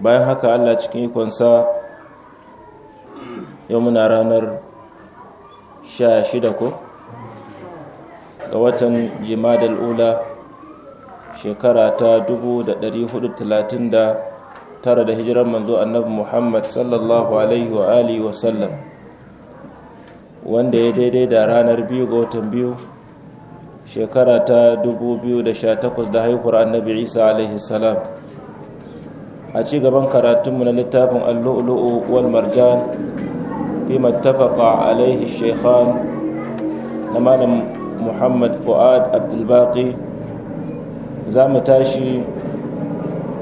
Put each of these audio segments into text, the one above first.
bayan haka allah cikin ikonsa yau muna ranar shida ko ga watan jimadal ula shekara ta dubu da hijiran manzo annabi muhammad sallallahu alaihi wa alihi wa sallam wanda ya daidai da ranar biyu ga watan biyu shekara ta 2018 da haihuwar annabi isa alaihi salam a ci gaban karatunmu na littafin allu'ulu'u wal marjan fi mattafaqa alaihi shaykhan na malam muhammad fuad abdulbaki za mu tashi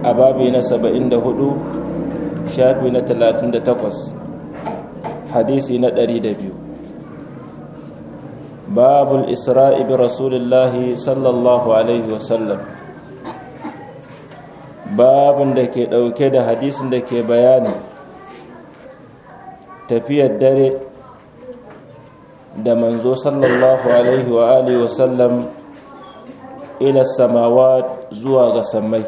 a babi na 74 shafi na 38 hadisi na 200 babul isra'i bi rasulillahi sallallahu alaihi wasallam babin da ke ɗauke da hadisin da ke bayani tafiyar dare da manzo sallallahu alaihi wa alihi wasallam ila samawat zuwa ga samai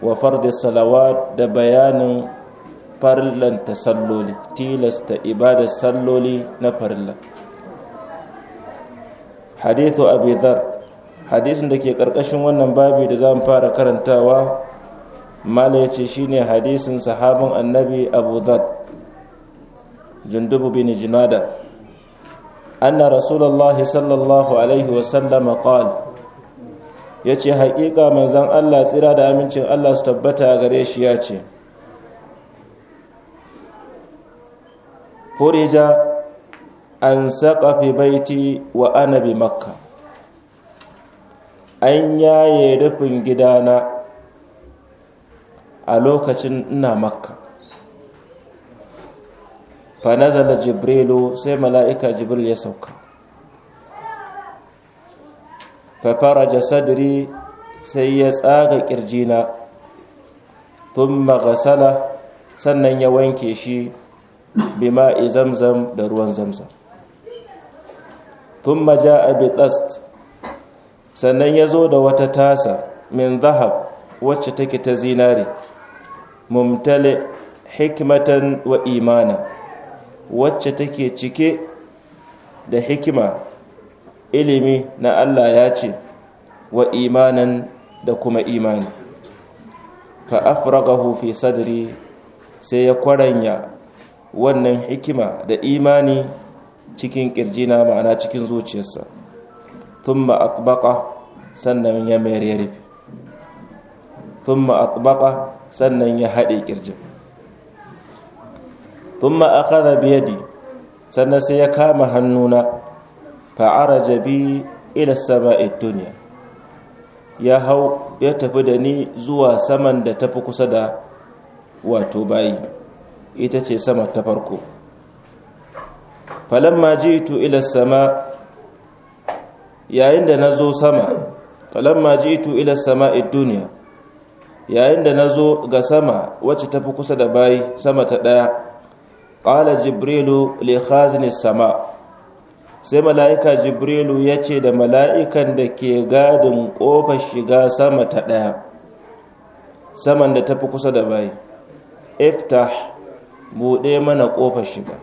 wa farda salawat da bayanin farlanta salloli tilasta ibadar salloli na farla hadithu abi dhar hadisin da ke karkashin wannan babi da za mu fara karantawa mala ya ce shi ne hadisin sahabin annabi abu dhar jundubu bin jinada anna rasulallah sallallahu alaihi wasallama qala ya ce haƙiƙa manzan allah tsira da amincin allah su tabbata gare shi ya ce furija an saƙafi baiti wa anabi makka an yaye rufin gidana a lokacin ina makka fanazala jibrilu sai mala'ika jibril ya sauka fafaraja sadri sai ya tsaga kirjina thumma gasala sannan ya wanke shi bima'i zamzam da ruwan zamzam thumma ja'a bi tsast sannan ya zo da wata tasa min zahab wacce take ta zinare mumtale hikmatan wa imana wacce take cike da hikima ilimi na Allah ya ce wa imanan da kuma imani fa afragahu fi sadri sai ya kwaranya wannan hikima da imani cikin kirjina ma'ana cikin zuciyarsa thumma akbaqa sannan ya mayar ya rufe thumma atbaqa sannan ya haɗe kirjin thumma akhadha bi yadi sannan sai ya kama hannuna fa'araja bi ila sama'i dunya ya hau ya tafi da ni zuwa saman da tafi kusa da wato bayi ita ce sama ta farko falamma jitu ila sama yayin da na zo sama falamma ji'tu ila sama'i dunya yayin da nazo ga sama wacce tafi kusa da bayi sama ta daya qala jibrilu li khazin sama sai mala'ika jibrilu ya ce da mala'ikan da ke gadin kofar shiga sama ta daya saman da tafi kusa da bayi iftah buɗe mana kofar shiga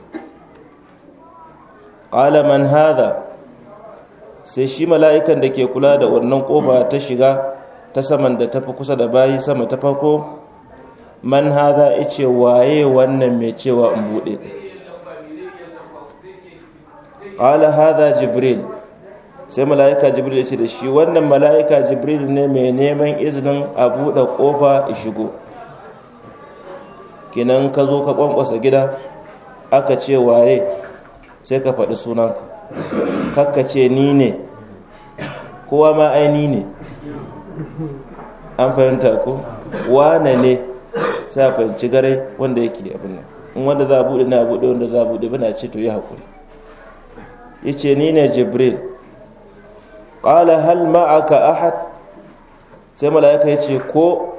Ƙala man hadha sai shi mala'ikan da ke kula da wannan ƙofa ta shiga ta saman da tafi kusa da bayi sama ta farko man haza ice waye wannan mai cewa in buɗe ƙala haza jibril sai mala'ika jibril ya ce da shi wannan mala'ika jibril ne mai neman izinin a buɗe ƙofa a shigo kinan ka zo ka ƙwanƙwasa gida aka ce waye sai ka faɗi sunanka kakka ce ni ne kowa ma aini ne an fahimta ko wane ne sai fahimci garai wanda yake abin nan in wanda za a buɗe na buɗe wanda za a buɗe bana ce to yi haƙuri ya ce ni ne jibril ƙala hal ma'aka ahad sai mala'ika ya ce ko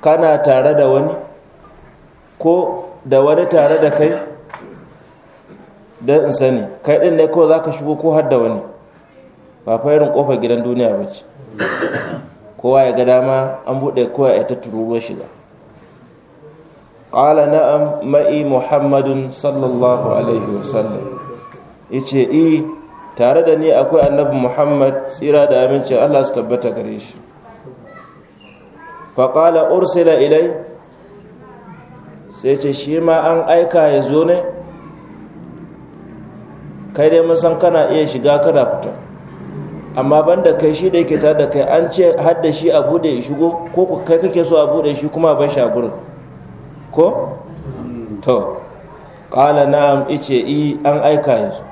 kana tare da wani ko da wani tare da kai dan in sani kai ɗin ne kawai zaka shigo ko hadda wani ba fa irin gidan duniya ba ce kowa ya ga dama an buɗe kowa ya ta tururuwa shiga ƙala na'am ma'i muhammadun sallallahu alaihi wasallam yace i eh, tare da ni akwai annabi muhammad tsira da aminci allah su tabbata gare shi faƙala ursila ilai sai ce shi ma an aika ya zo ne kai dai mun san kana iya shiga kana fita amma banda kai shi da yake ta da kai an ce har da shi a bude ya shigo ko kai kake so a bude shi kuma ba shi a gurin ko to qala na'am ice i an aika yanzu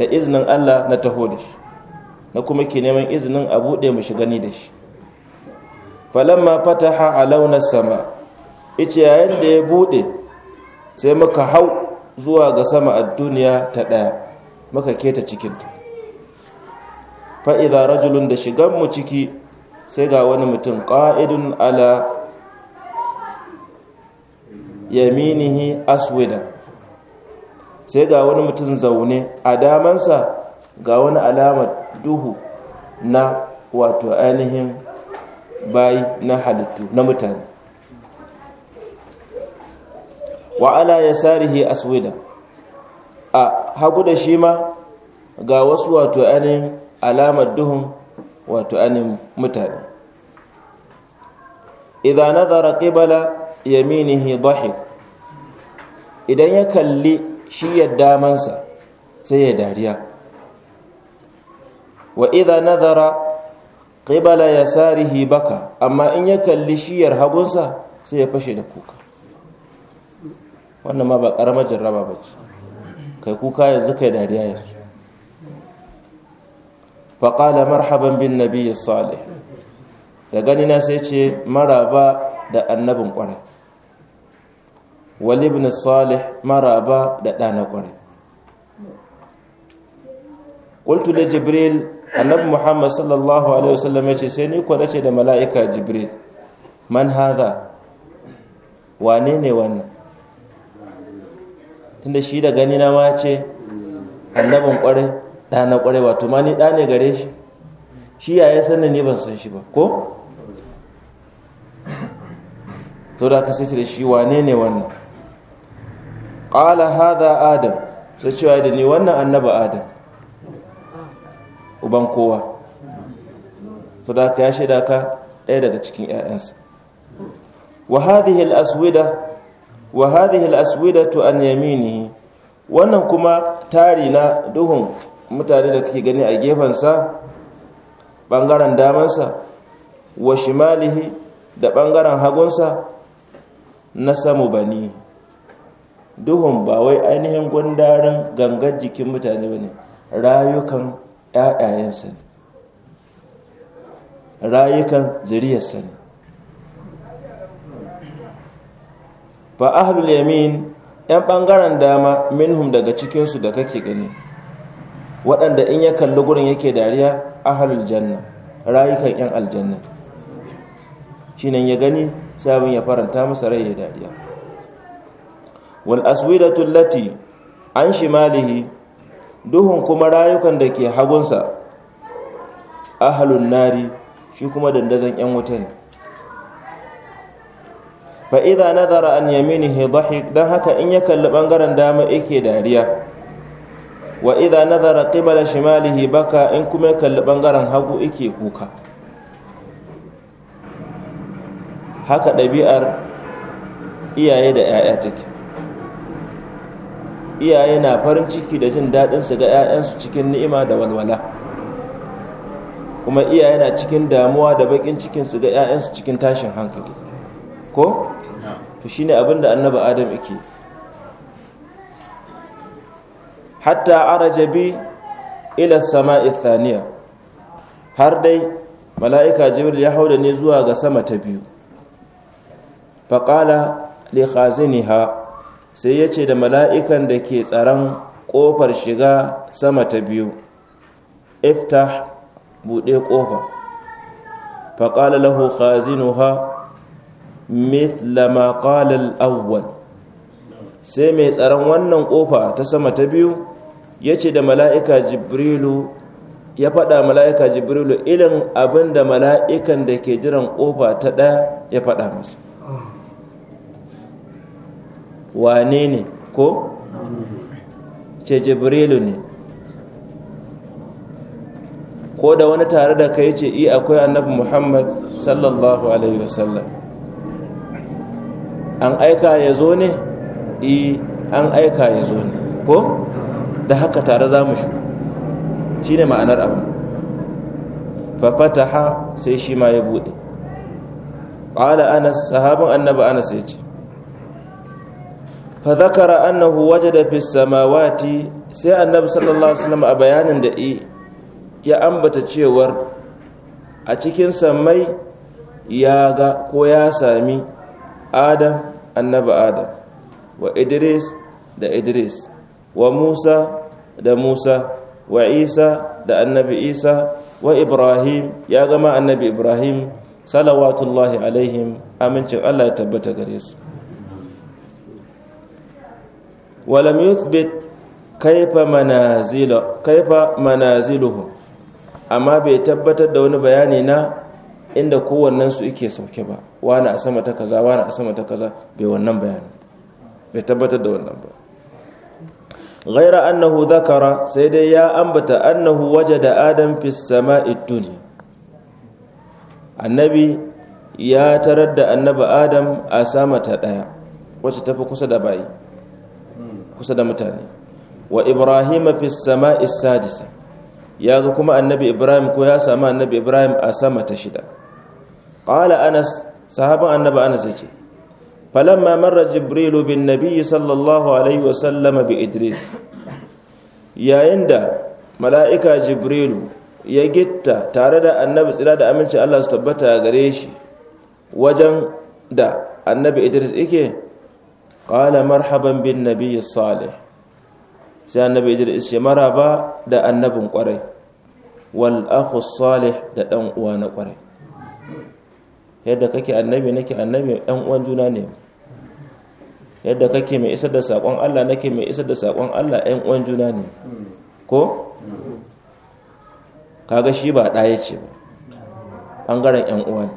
da iznin Allah na taho da shi na kuma ke neman izinin a bude mu shiga ni da shi falamma fataha alauna sama ice yayin da ya bude sai muka hau zuwa ga sama a duniya ta ɗaya muka keta cikinta fa'iza rajulun da shiganmu ciki sai ga wani mutum ƙa'idun ala yaminihi aswida sai ga wani mutum zaune a damansa ga wani alamar duhu na wato ainihin bayi na halittu na mutane wa ala sarihi aswida a hagu da shi ma ga wasu wato anin alamar duhun wato anin mutane idan nazara ya yaminihi dhahik idan ya kalli shi ya damansa sai ya dariya wa idan nazara ya sarihi baka amma in ya kalli shiyar hagunsa sai ya fashe da kuka wannan ma ba karamar jarraba ba ce kai kuka yanzu kai dariya yanzu faƙala marhaban bin nabi salih da ganina sai ce maraba da annabin ƙwarai walibin salih maraba da ɗana ƙwarai ƙultu da jibril annabi muhammad sallallahu alaihi wasallam ya ce sai ni kwanace da mala'ika jibril man haza wane ne wannan tunda shi da gani na ma ce annabin kwarai da na kwarai wato ma ni dane gare shi shi yaya sanin ni ban san shi ba ko to da aka sace da shi wane ne wannan qala hadha adam sai cewa da ni wannan annaba adam uban kowa to da aka ya shaida ka ɗaya daga cikin 'ya'yansa wa hadhihi al-aswida wa hadhihi al-aswidatu an yaminihi wannan kuma tari na duhun mutane da kake gani a sa bangaren sa, wa shimalihi da bangaren sa na samu bani duhun ba wai ainihin gundarin gangar jikin mutane bane rayukan ‘ya'yayensa ne rayukan sa ne fa ahlul yamin yan bangaren dama minhum daga cikinsu da kake gani waɗanda in ya kalli gurin yake dariya ahlul janna rayukan yan aljanna shine ya gani sabon ya faranta masa rai ya dariya wal aswidatu lati an shimalihi duhun kuma rayukan da ke hagunsa ahlun nari shi kuma dandazon yan wutan ne fa idza nadhara an yaminihi dhahik dan haka in ya kalli bangaren dama yake dariya wa idza nadhara qibala shimalihi baka in kuma ya kalli bangaren hagu yake kuka haka ɗabi'ar iyaye da 'ya'ya take iyaye na farin ciki da jin daɗin su ga 'ya'yansu cikin ni'ima da walwala kuma iyaye na cikin damuwa da baƙin cikin su ga 'ya'yansu cikin tashin hankali ko to shine abin da annaba adam yake hatta araja bi ila sama'i thaniya har dai mala'ika jibril ya hau da ne zuwa ga sama ta biyu faƙala li ha sai yace da mala'ikan da ke tsaron ƙofar shiga sama ta biyu iftah buɗe ƙofa faƙala lahu khazinuha mithla ma qala awwal sai mai tsaron wannan kofa ta sama ta biyu yace da mala'ika jibrilu ya faɗa mala'ika jibrilu ilin abin da mala'ikan da ke jiran kofa ta ɗaya ya faɗa masa wane ne ko ce jibrilu ne ko da wani tare da kai ce i akwai annabi muhammad sallallahu alaihi wasallam an aika ya zo ne e, an aika ya zo ne ko da haka tare za mu shuka shi ne ma'anar abin ha sai shi ma ya bude. ƙwada anas sahabin annaba anas ya ce zakara annahu waje da fi samawati sai annabi sallallahu ala'uwa a bayanin da i ya ambata cewar a cikin samai ya ga ko ya sami adam annaba adam wa idris da idris wa musa da musa wa isa da annabi isa wa ibrahim ya gama annabi ibrahim salawatullahi alaihim amincin allah ya tabbata gare su walam yuthbit kaifa manaziluhum amma bai tabbatar da wani bayani na inda kowannen su yake sauke ba wani a sama ta kaza wani a sama ta kaza bai wannan bayani bai tabbatar da wannan ba ghaira annahu zakara sai dai ya ambata annahu wajada adam fi sama'i dunya annabi ya tarar da annabi adam a sama ta daya wacce fi kusa da bayi kusa da mutane wa ibrahim fi sama'i sadisa ya ga kuma annabi ibrahim ko ya samu annabi ibrahim a sama ta shida qala anas sahaban annabi anas yace falamma marra jibrilu bin nabiyyi sallallahu alaihi wa sallama bi idris yayin da mala'ika jibrilu ya gitta tare da annabi tsira da aminci Allah su tabbata gare shi wajen da annabi idris ike ƙala marhaban bin nabi salih sai annabi idris ya maraba da annabin ƙwarai wal salih da ɗan uwa na ƙwarai yadda kake annabi nake annabi ɗan uwan juna ne yadda kake mai isar da saƙon Allah nake mai isar da saƙon Allah ɗan uwan juna ne ko kaga shi ba ɗaya ce ba ɓangaren ɗan uwan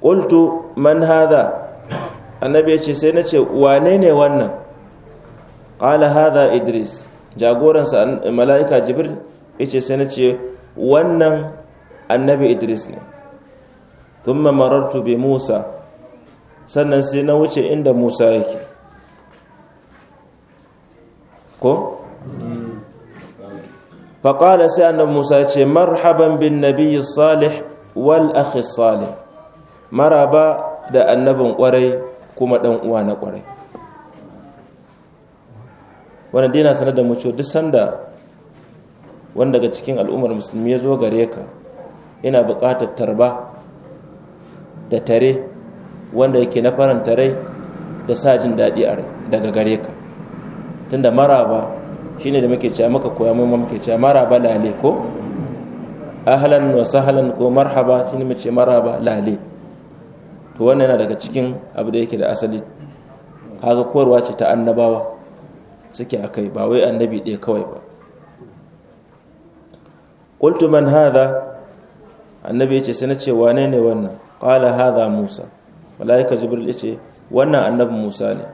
ƙultu man haza annabi ya ce sai na ce wane ne wannan ƙala haza idris jagoransa mala'ika jibir ya ce sai na ce wannan annabi idris ne thumma marartu bi Musa sannan sai na wuce inda Musa yake ko qala sai annabi Musa ya ce marhaban bin nabiy salih wal akhi salih maraba da annabin kwarai kuma dan uwa na kwarai wannan dai na sanar da mu cewa duk sanda wanda daga cikin al'ummar musulmi ya zo gare ka ina buƙatar tarba da tare wanda yake na faranta rai da sa jin daɗi a rai daga gare ka tunda maraba ne da muke cewa maka koya mai muke cewa maraba lale ko ahlan wa sahlan ko marhaba ne mace maraba lale to wannan yana daga cikin abu da yake da asali kaga kowarwa ce ta annabawa suke kai, ba wai annabi ɗaya kawai ba qultu man hadha annabi yace sai na ce wane ne wannan qala hadha musa malaika jibril yace wannan annabin musa ne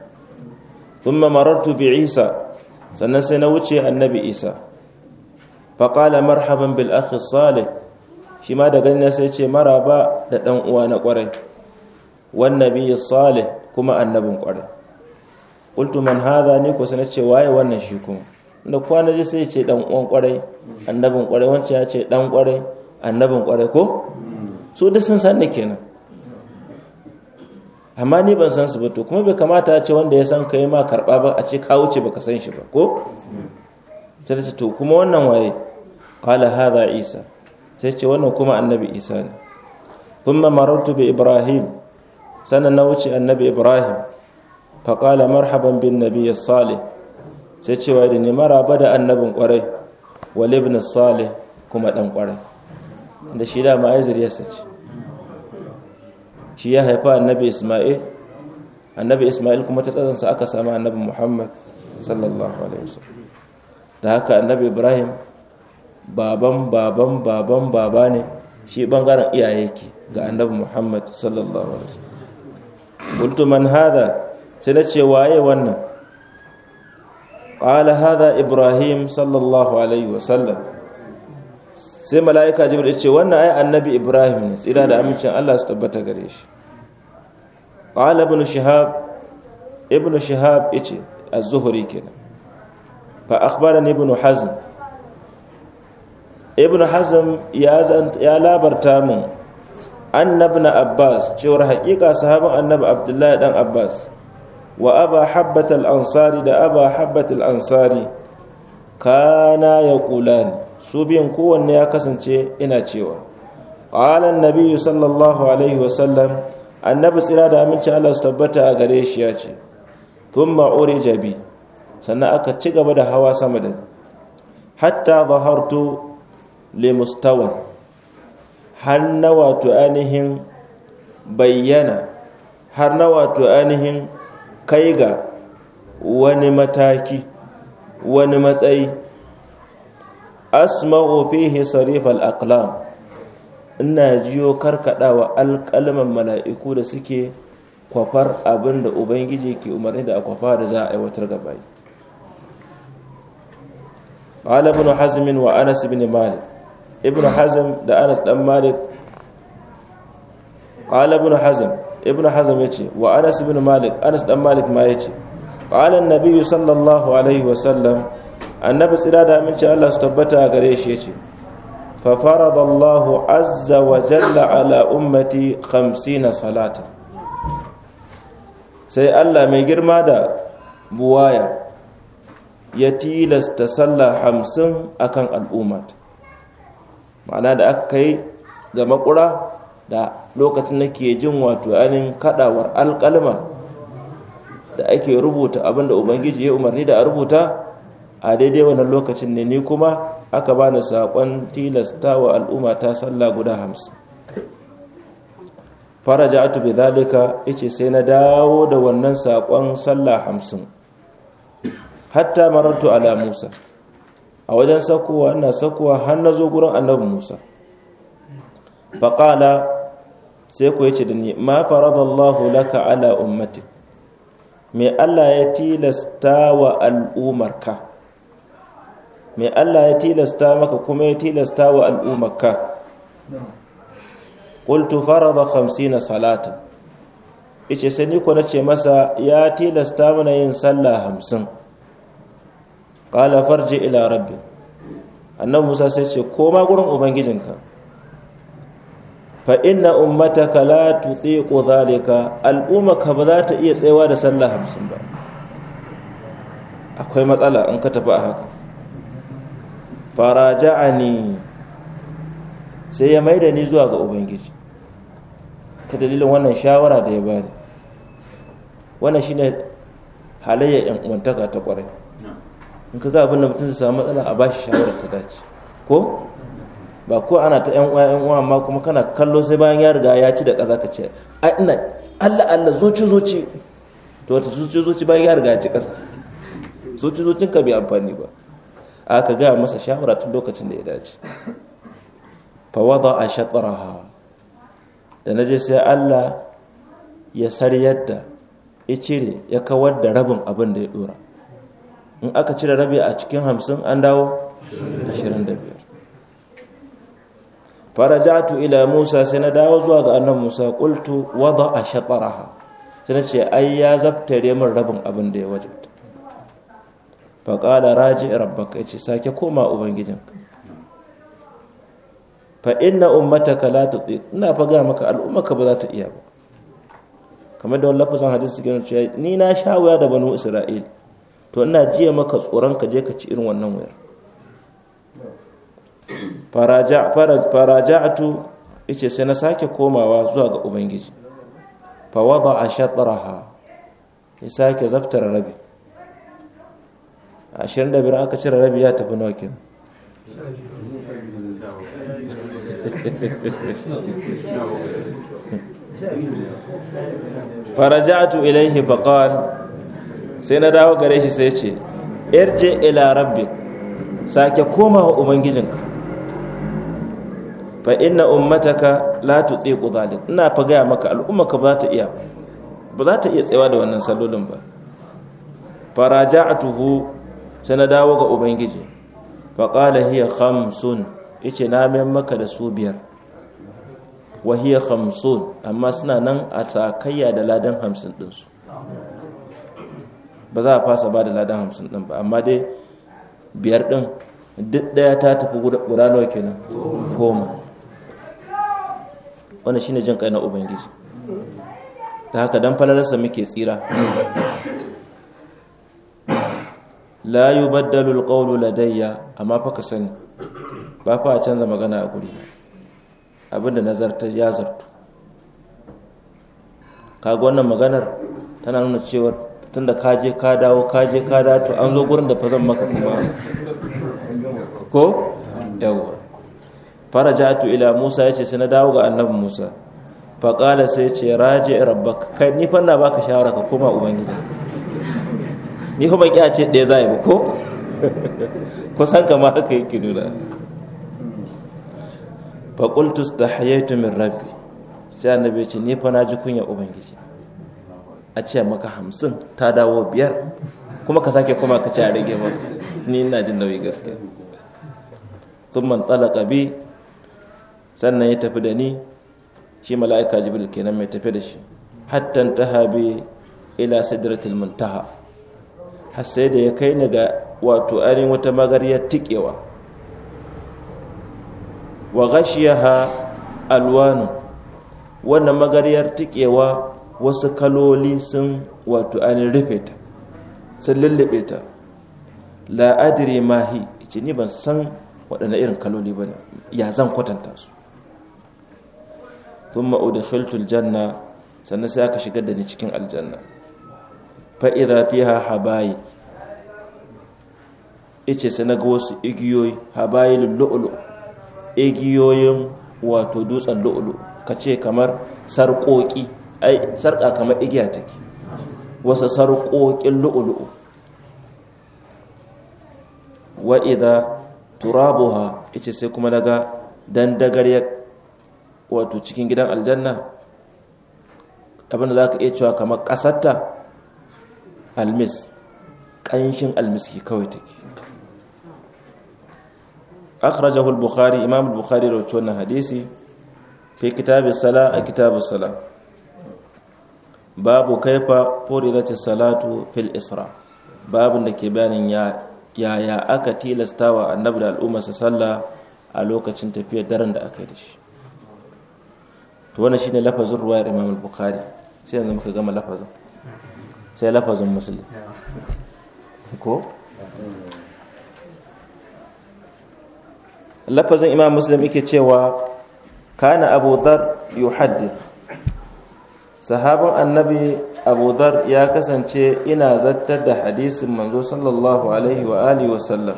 thumma marartu bi isa sannan sai na wuce annabi isa fa qala marhaban bil akhi salih shi ma da ganin sai ce maraba da dan uwa na kwarai wan nabi salih kuma annabin ƙwarai. qultu man hadha ne ko sai ce waye wannan shi kuma kwana je sai ce dan uwan kwarai annabin kwarai wancan ya dan kwarai annabin kwarai ko su da sun san da kenan amma ni ban san su ba to kuma bai kamata a ce wanda ya san kai ma karba ba a ce ka wuce baka san shi ba ko sai ce to kuma wannan waye qala hadha isa sai ce wannan kuma annabi isa ne thumma marartu bi ibrahim sanan na wuce annabi ibrahim fa qala marhaban bin nabiy salih sai ce waye da ni maraba da annabin kwarai wal ibn salih kuma dan kwarai da shi da ma ce shi ya haifa annabi isma'il annabi isma'il kuma ta tsazansa aka samu annabi muhammad sallallahu alaihi wasallam da haka annabi ibrahim baban baban baban baba ne shi bangaren iyaye ke ga annabi muhammad sallallahu alaihi wasallam qultu man hadha sai na ce waye wannan qala hadha ibrahim sallallahu alaihi wasallam sai mala'ika jibril ya ce wannan ai annabi ibrahim ne tsira da amincin Allah su tabbata gare shi qala ibn shihab ibn shihab yace az-zuhri kenan fa akhbarani ibn hazm ibn hazm ya ya labarta mun annabna abbas cewar haƙiƙa sahabin annabi abdullahi dan abbas wa aba habbat al-ansari da aba habbat al-ansari kana yaqulani su biyan kowanne ya kasance ina cewa ƙalan nabiyu sallallahu alaihi wasallam annabi tsira da aminci allah su tabbata a gare shi ya ce tun ma'ure jabi sannan aka ci gaba da hawa sama da hatta zahartu limustawan har na wato ainihin bayyana har na wato ainihin kai ga wani mataki wani matsayi asma'u fihi sarif al-aqlam ina jiyo karkadawa alƙalman mala'iku da suke kwafar abin da ubangiji ke umarni da akwafa da za a aiwatar gaba قال ابن wa anas بن malik ibn hazm da Anas dan Malik قال ابن hazm ibn hazm yace wa Anas ibn Malik Anas dan Malik ma yace qala an-nabiy sallallahu alaihi wa sallam annabi tsira da aminci Allah su tabbata a gare shi yace fa faradallahu azza wa jalla ala ummati 50 salata sai Allah mai girma da buwaya ya tilasta sallah hamsin akan al'ummat ma'ana da aka kai ga makura da lokacin nake jin wato anin kadawar alkalma da ake rubuta abinda ubangiji ya umarni da a rubuta a daidai wannan lokacin ne ni kuma aka ba ni saƙon tilasta wa al'umma ta sallah guda hamsin atu bi zalika ice sai na dawo da wannan saƙon sallah hamsin hatta marartu ala musa a wajen sakuwa ina sakuwa har na zo gurin annabi musa faƙala sai ku yace da ni ma faradallahu laka ala ummatik me Allah ya tilasta wa al'umarka mai Allah ya tilasta maka kuma ya tilasta wa al'ummarka qultu farada 50 salatan ice sai ni ko nace masa ya tilasta mana yin sallah hamsin qala farji ila rabbi annabi Musa sai ce koma gurin ubangijinka fa inna ummataka la tutiqu zalika al'ummaka ba za ta iya tsayawa da sallah hamsin ba akwai matsala in ka tafi a haka faraja'ani sai ya maida ni zuwa ga ubangiji ta dalilin wannan shawara da ya bani wannan shine halayyar yan uwantaka ta kwarai in ka ga abin da mutum zai samu matsala a bashi shawara ta dace ko ba ko ana ta yan uwa yan uwa amma kuma kana kallo sai bayan ya riga ya ci da kaza ka ce ai ina Allah Allah zuci zuci to wata zuci zuci bayan ya riga ya ci kaza zuci zucin ka bai amfani ba aka gaya masa shawara tun lokacin da ya dace fa wada a shatraha da naje sai Allah ya sariyar da ya cire ya kawar da rabin abin da ya dora in aka cire rabi a cikin hamsin an dawo ashirin da biyar farajatu ila musa sai na dawo zuwa ga annan musa qultu wada a shatraha sai na ce ai ya zaftare min rabin abin da ya wajabta faƙala raji rabbaka ya ce sake koma ubangijinka fa inna ummataka la tuti ina fa ga maka ka ba za ta iya ba kamar da wani hadis su gina cewa ni na sha wuya da banu isra'il to ina jiya maka tsoron ka je ka ci irin wannan wuyar faraja'atu ce sai na sake komawa zuwa ga ubangiji fa wada ha ya sake zaftar rabi ashirin da biyar aka cire rabi ya tafi nokin kenan faraja'atu ilaihi faqal sai na dawo gare shi sai ce irje ila rabbi sake komawa ubangijinka fa inna ummataka la tutiqu dhalik ina fa gaya maka al'ummaka ba ta iya ba za ta iya tsayawa da wannan sallolin ba faraja'atuhu sai na dawo ga ubangiji faƙala hiya khamsun ice na maimaka da su biyar wa hiya khamsun amma suna nan a sakayya da ladan hamsin ɗinsu ba za a fasa ba da ladan hamsin ɗin ba amma dai biyar ɗin duk ɗaya ta tafi guda nawa kenan goma wannan shine jin kai na ubangiji ta haka dan falalarsa muke tsira la yubaddalu alqawlu ladayya amma fa ka sani ba fa canza magana a guri abinda nazarta ya zartu kaga wannan maganar tana nuna cewa tunda ka je ka dawo ka je ka dawo to an zo gurin da fa zan maka kuma ko yawwa farajatu ila Musa yace sai na dawo ga annabi Musa faqala sai yace raji rabbaka kai ni ba baka shawara ka koma ubangiji ni kuma a ce ɗaya za a yi ba ko kusan kama haka yake nuna faƙultus da hayaitu min rabbi sai annabi ce ni fa na ji kunya ubangiji a ce maka hamsin ta dawo biyar kuma ka sake kuma ka ce a rage maka ni ina jin nauyi gaske sun man tsalaka sannan ya tafi da ni shi mala'ika jibril kenan mai tafi da shi hatta ta habi ila sidratul muntaha har sai da ya kai ni ga wato ainihin wata magariyar tikewa wa gashiyaha alwanu wannan magariyar tikewa wasu kaloli sun wato ainihin rufe ta sun lullube ta la'adiri mahi ce ni ban san waɗanda irin kaloli ba ne ya zan kwatanta su thumma udkhiltul janna sannan sai aka shigar da ni cikin aljanna fa idza fiha habayi ce sai na ga wasu igiyoyi habayil lu'ulu igiyoyin wato dutsen lu'ulu ka ce kamar sarƙoƙi ai sarƙa kamar igiya take wasu sarƙoƙin lu'ulu wa turabu ha ce sai kuma daga dandagar ya wato cikin gidan aljanna abinda za ka iya cewa kamar ƙasarta almis ƙanshin almiski kawai take akhrajahu al-bukhari imam al-bukhari hadisi fi kitab sala a kitab sala babu kaifa furidati salatu fil isra babu da ke bayanin yaya aka tilastawa annabi da al'ummarsa sallah a lokacin tafiyar daren da aka yi da shi to wannan shine lafazin gama lafazin sai lafazin imam muslim yake cewa kana abu dhar yuhaddith sahabin annabi abu dhar ya kasance ina zattar da hadisin manzo sallallahu alaihi wa alihi wa sallam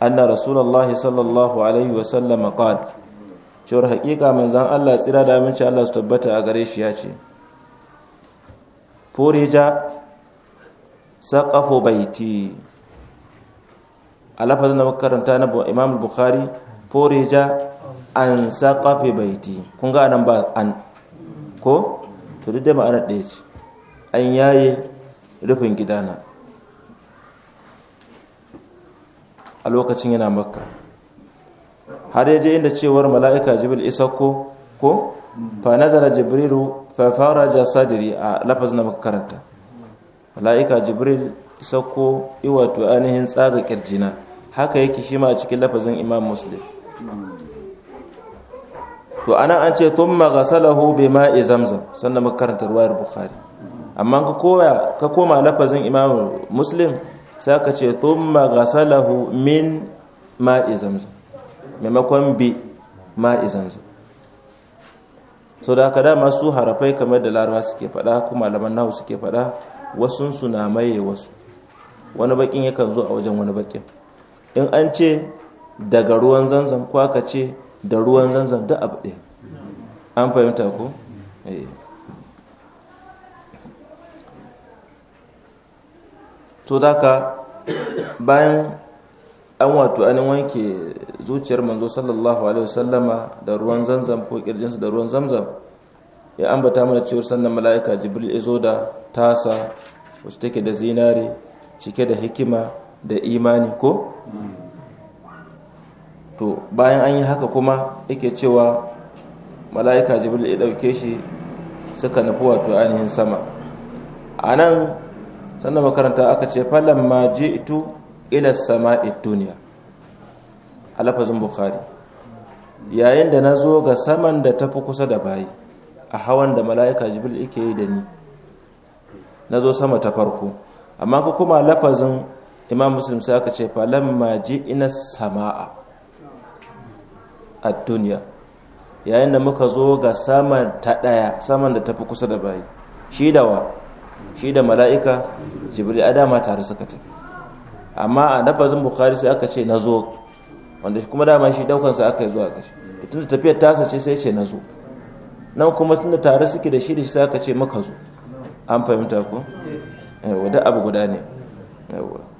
anna rasulullahi sallallahu alaihi wa sallam qala cewar hakika manzan Allah tsira da aminci Allah su tabbata a gare shi ya ce furija saqafu baiti a lafazin da makaranta na imam bukhari forija an saƙafe baiti kun ga nan ba an ko to duk da ma'anar ɗaya ce an yaye rufin gidana a lokacin yana makka har yaje inda cewar mala'ika jibril isakko ko fa nazara jibrilu fa faraja sadri a lafazin da makaranta mala'ika jibril isakko iwato ainihin tsaga kirjina haka yake shi ma a cikin lafazin imam muslim to ana an ce tun thumma bai bima'i zamzam sannan makarantar wayar bukari amma ka koma lafazin imam muslim sai ka ce tun ghasalahu min ma'i zamzam maimakon bi ma'i zamzam so da haka dama su harafai kamar da larawa suke fada kuma malaman nahu suke fada wasu suna maye wasu wani bakin yakan zo a wajen wani bakin in an ce daga ruwan zanzan kwaka ce da ruwan zanzan da abu ɗaya an fahimta ko eh. to daka bayan an wato an wanke zuciyar manzo sallallahu alaihi wasallama da ruwan zanzam ko kirjinsu da ruwan zamzam ya ambata mana cewar sannan mala'ika jibril ya zo da tasa wacce take da zinare cike da hikima da imani ko to bayan an yi haka kuma yake cewa mala'ika jibril ya ɗauke shi suka nufi wato ainihin sama a nan sannan makaranta aka ce falon ma itu ila sama'i duniya a lafazin bukari yayin da na zo ga saman da tafi kusa da bayi a hawan da mala'ika jibril yake yi da ni na zo sama ta farko amma ka kuma lafazin imam muslim sai aka ce falamma ina sama'a a duniya yayin da muka zo ga saman ta daya saman da tafi kusa da bayi shi da wa shi da mala'ika jibril adama tare suka ta amma a nafazin bukhari sai aka ce na zo wanda kuma dama shi daukansa aka yi zuwa gashi tun da tafiyar tasa ce sai ce na zo nan kuma tun da tare suke da shi da shi sai aka ce muka zo an fahimta ko wadda abu guda ne yawwa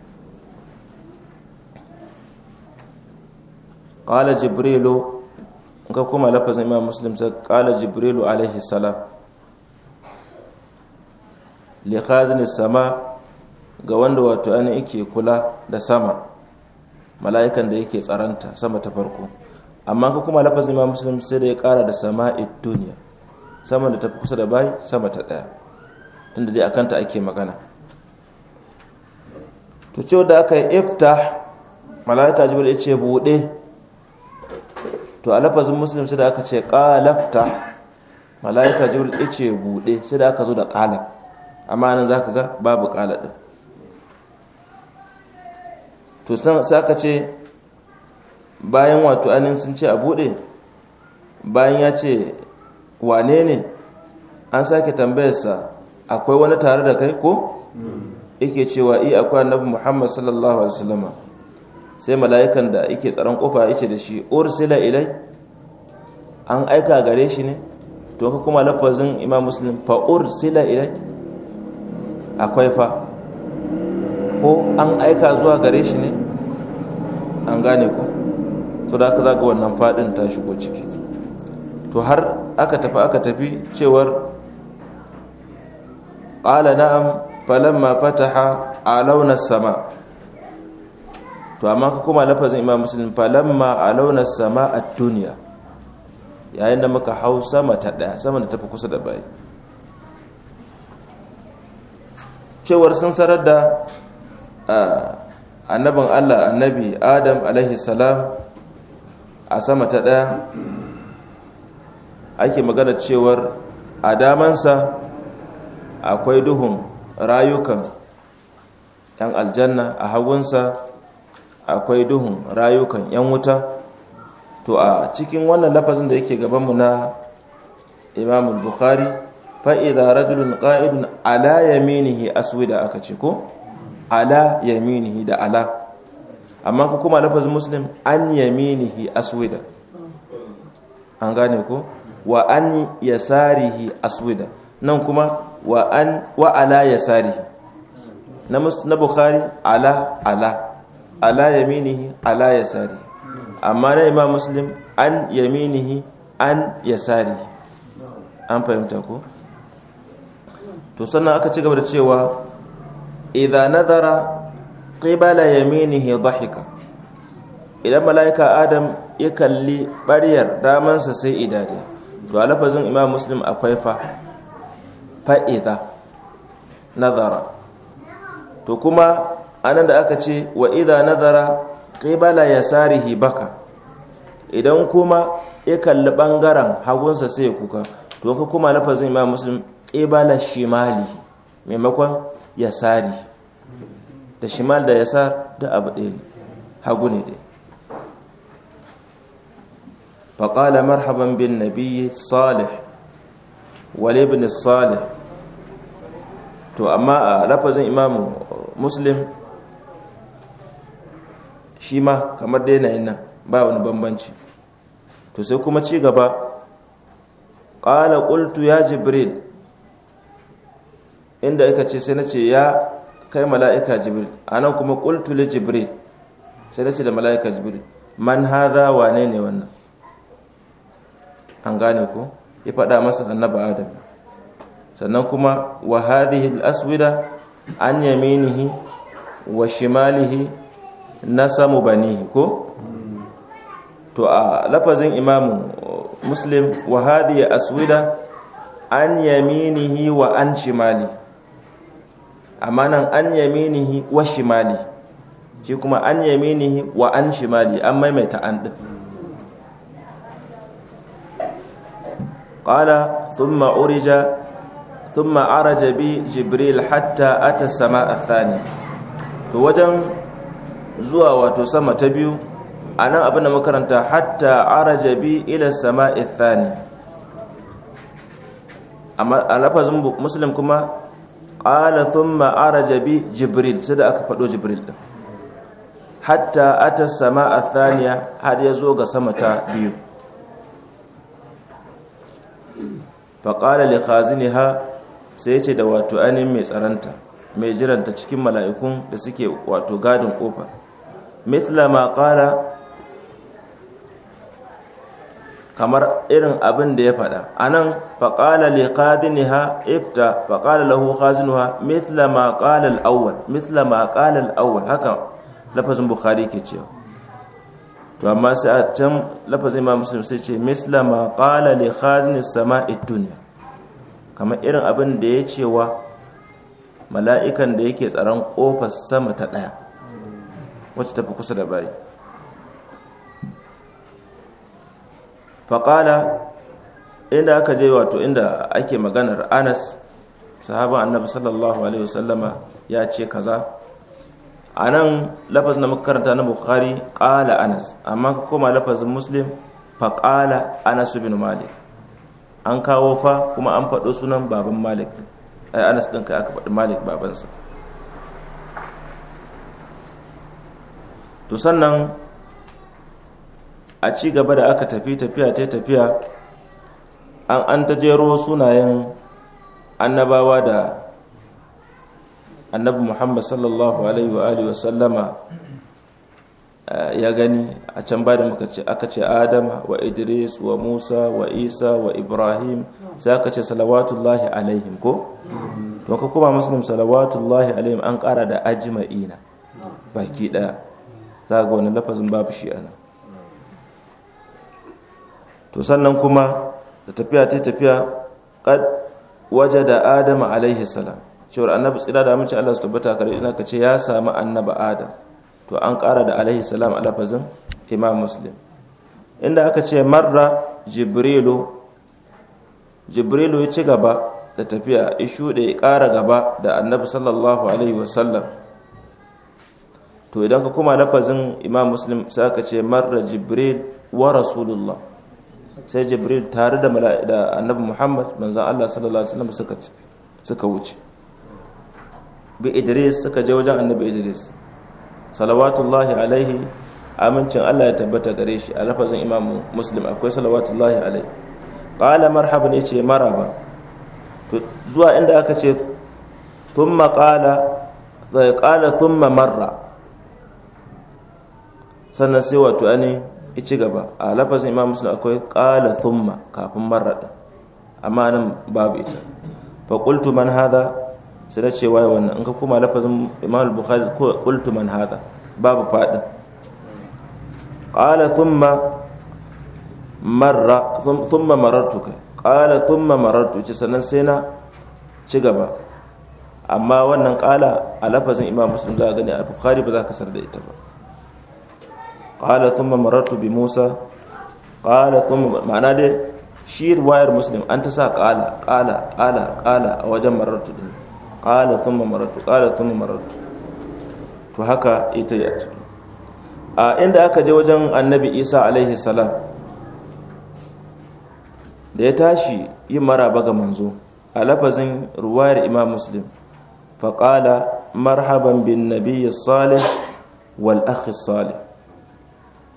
qala jibrilu ka kuma lafazin imam muslim sai qala jibrilu alaihi salam li khazin sama ga wanda wato an yake kula da sama mala'ikan da yake tsaranta sama ta farko amma ka kuma lafazin imam muslim sai da ya kara da sama'id duniya sama da ta kusa da bai sama ta daya tunda dai akan ta ake magana to cewa da aka yi ifta mala'ika jibril ya ce bude to a lafazin muslim sai da aka ce kalafta malaika jibril ce bude sai da aka zo da kalaf amma nan ka ga babu kalaf ɗin to sai aka ce bayan wato anin sun ce a bude bayan ya ce wane ne an sake tambayarsa akwai wani tare da kai ko hmm. yake cewa iya akwai annabi muhammad sallallahu alaihi wasallama sai mala'ikan da yake tsaron kofa yake da shi ursila ilai an aika gare shi ne to ka kuma lafazin imam muslim fa ursila ilai akwai fa ko an aika zuwa gare shi ne an gane ku to da aka zaga wannan fadin ta shigo ciki to har aka tafi aka tafi cewar qala na'am falamma fataha alawna sama to amma ka koma lafazin imam muslim falamma alauna sama a duniya yayin da muka hau sama ta ɗaya sama da tafi kusa da bayi cewar sun sarar da annabin allah annabi adam alaihi salam a sama ta ɗaya ake magana cewar a damansa akwai duhun rayukan 'yan aljanna a hagunsa akwai duhun rayukan 'yan wuta to a cikin wannan lafazin da yake gabanmu na imam bukhari fa'iza rajulun ƙa'idun ala yaminihi aswida aka ce ko ala yaminihi da ala amma ku kuma lafazin muslim an yaminihi aswida an gane ko wa an yasarihi aswida nan kuma wa ala yasarihi na bukhari ala ala ala yaminihi ala yasari amma na imam muslim an yaminihi an yasari an fahimta ko to sannan aka ci gaba da cewa idza nazara qibala yaminihi dhahika idan malaika adam ya kalli bariyar damansa sai idade to a lafazin imam muslim akwai fa idza nazara to kuma anan da aka ce wa idha nazara qibala yasarihi baka idan kuma ya kalli bangaren hagunsa sai kuka to ka kuma lafazin imam muslim qibala shimali maimakon yasari da shimal da yasar da abu ɗaya ne hagu ne dai faƙala marhaban bin مرحبا salih الصالح والابن salih to amma a lafazin imamu muslim shi ma kamar da yanayin nan ba wani bambanci to sai kuma ci gaba ƙala ƙultu ya jibril inda aka ce sai na ce ya kai mala'ika jibril a nan kuma ƙultu le jibril sai na ce da mala'ika jibril man haza wane ne wannan an gane ku ya faɗa masa annaba adam sannan kuma wa aswida an yaminihi wa shimalihi na samu banihi ko to a lafazin imamu muslim wa hadiya aswida an yaminihi wa an shimali amma nan an yaminihi wa shimali shi kuma an yaminihi wa an shimali an maimaita an ɗin ƙala thumma urija thumma araja bi jibril hatta ata sama a to wajen zuwa wato sama ta biyu a nan abin da makaranta hatta arajabi ila sama ithani a lafazin muslim kuma ƙala thumma arajabi jibril sai da aka faɗo jibril ɗin hatta ata sama a thaniya har ya zo ga sama ta biyu faƙala li ha sai ce da wato ainihin mai tsaranta mai jiranta cikin mala'ikun da suke wato gadin ƙofa مثل ma قال kamar irin abin da ya faɗa anan faƙala li ibta ifta faƙala lahu khazinuha mithla ma qala al-awwal mithla ma qala al-awwal haka lafazin bukhari ke cewa to amma sai a can lafazin imam muslim sai ce mithla ma qala li khazin as-sama'i dunya kamar irin abin da ya cewa mala'ikan da yake tsaron kofar sama ta ɗaya wacce tafi kusa da bayi faƙala inda aka je wato inda ake maganar anas sahaban annabi sallallahu alaihi wasallama ya ce kaza a nan lafazin da makaranta na bukhari ƙala anas amma ka koma lafazin muslim faƙala anas bin malik an kawo fa kuma an faɗo sunan baban malik anas ɗin kai aka faɗi malik babansa to sannan a ci gaba da aka tafi tafiya ta tafiya an an ta jero sunayen annabawa da annabi muhammad sallallahu alaihi wa alihi wasallama eh, ya gani a can ba da muka ce aka ce adama wa idris wa musa wa isa wa ibrahim sai aka ce salawatullahi alaihim ko to ka kuma muslim salawatullahi alaihim an kara da ajma'ina baki daya za ga wani lafazin babu shi ana to sannan kuma da tafiya ta tafiya kad waje da adama alaihi salam cewar annabi tsira da mace Allah su tabbata kare ina ka ce ya samu annabi adam to an ƙara da alaihi salam a lafazin imam muslim inda aka ce marra jibrilu jibrilu ya ci gaba da tafiya ya shuɗe ya ƙara gaba da annabi sallallahu alaihi wasallam to idan ka koma lafazin imam muslim sa aka ce marra jibril wa rasulullah sai jibril tare da da annabi muhammad manzon allah sallallahu alaihi wasallam suka wuce bi idris suka je wajen annabi idris salawatullahi alaihi amincin allah ya tabbata gare shi a lafazin imam muslim akwai salawatullahi alaihi qala marhaban yace maraba to zuwa inda aka ce tun thumma qala qala thumma marra sannan sai wato ani ici gaba a lafazin imam musulun akwai kala thumma kafin marraɗa amma nan babu ita fa man haɗa sai na ce waye wannan in ka kuma lafazin imam bukhari ko ƙultu man hadha babu faɗin kala thumma marra thumma kai kala thumma marartu ce sannan sai na ci gaba amma wannan kala a lafazin imam musulun za a gani a bukhari ba za ka da ita ba qala thumma marartu bi musa qala thumma ma'ana dai shi wayar muslim an ta sa qala qala qala qala a wajen marartu din qala thumma marartu qala thumma marartu to haka ita ya a inda aka je wajen annabi isa alaihi salam da ya tashi yin maraba ga manzo a lafazin ruwayar imam muslim faƙala marhaban bin nabiyyi salih wal akhi salih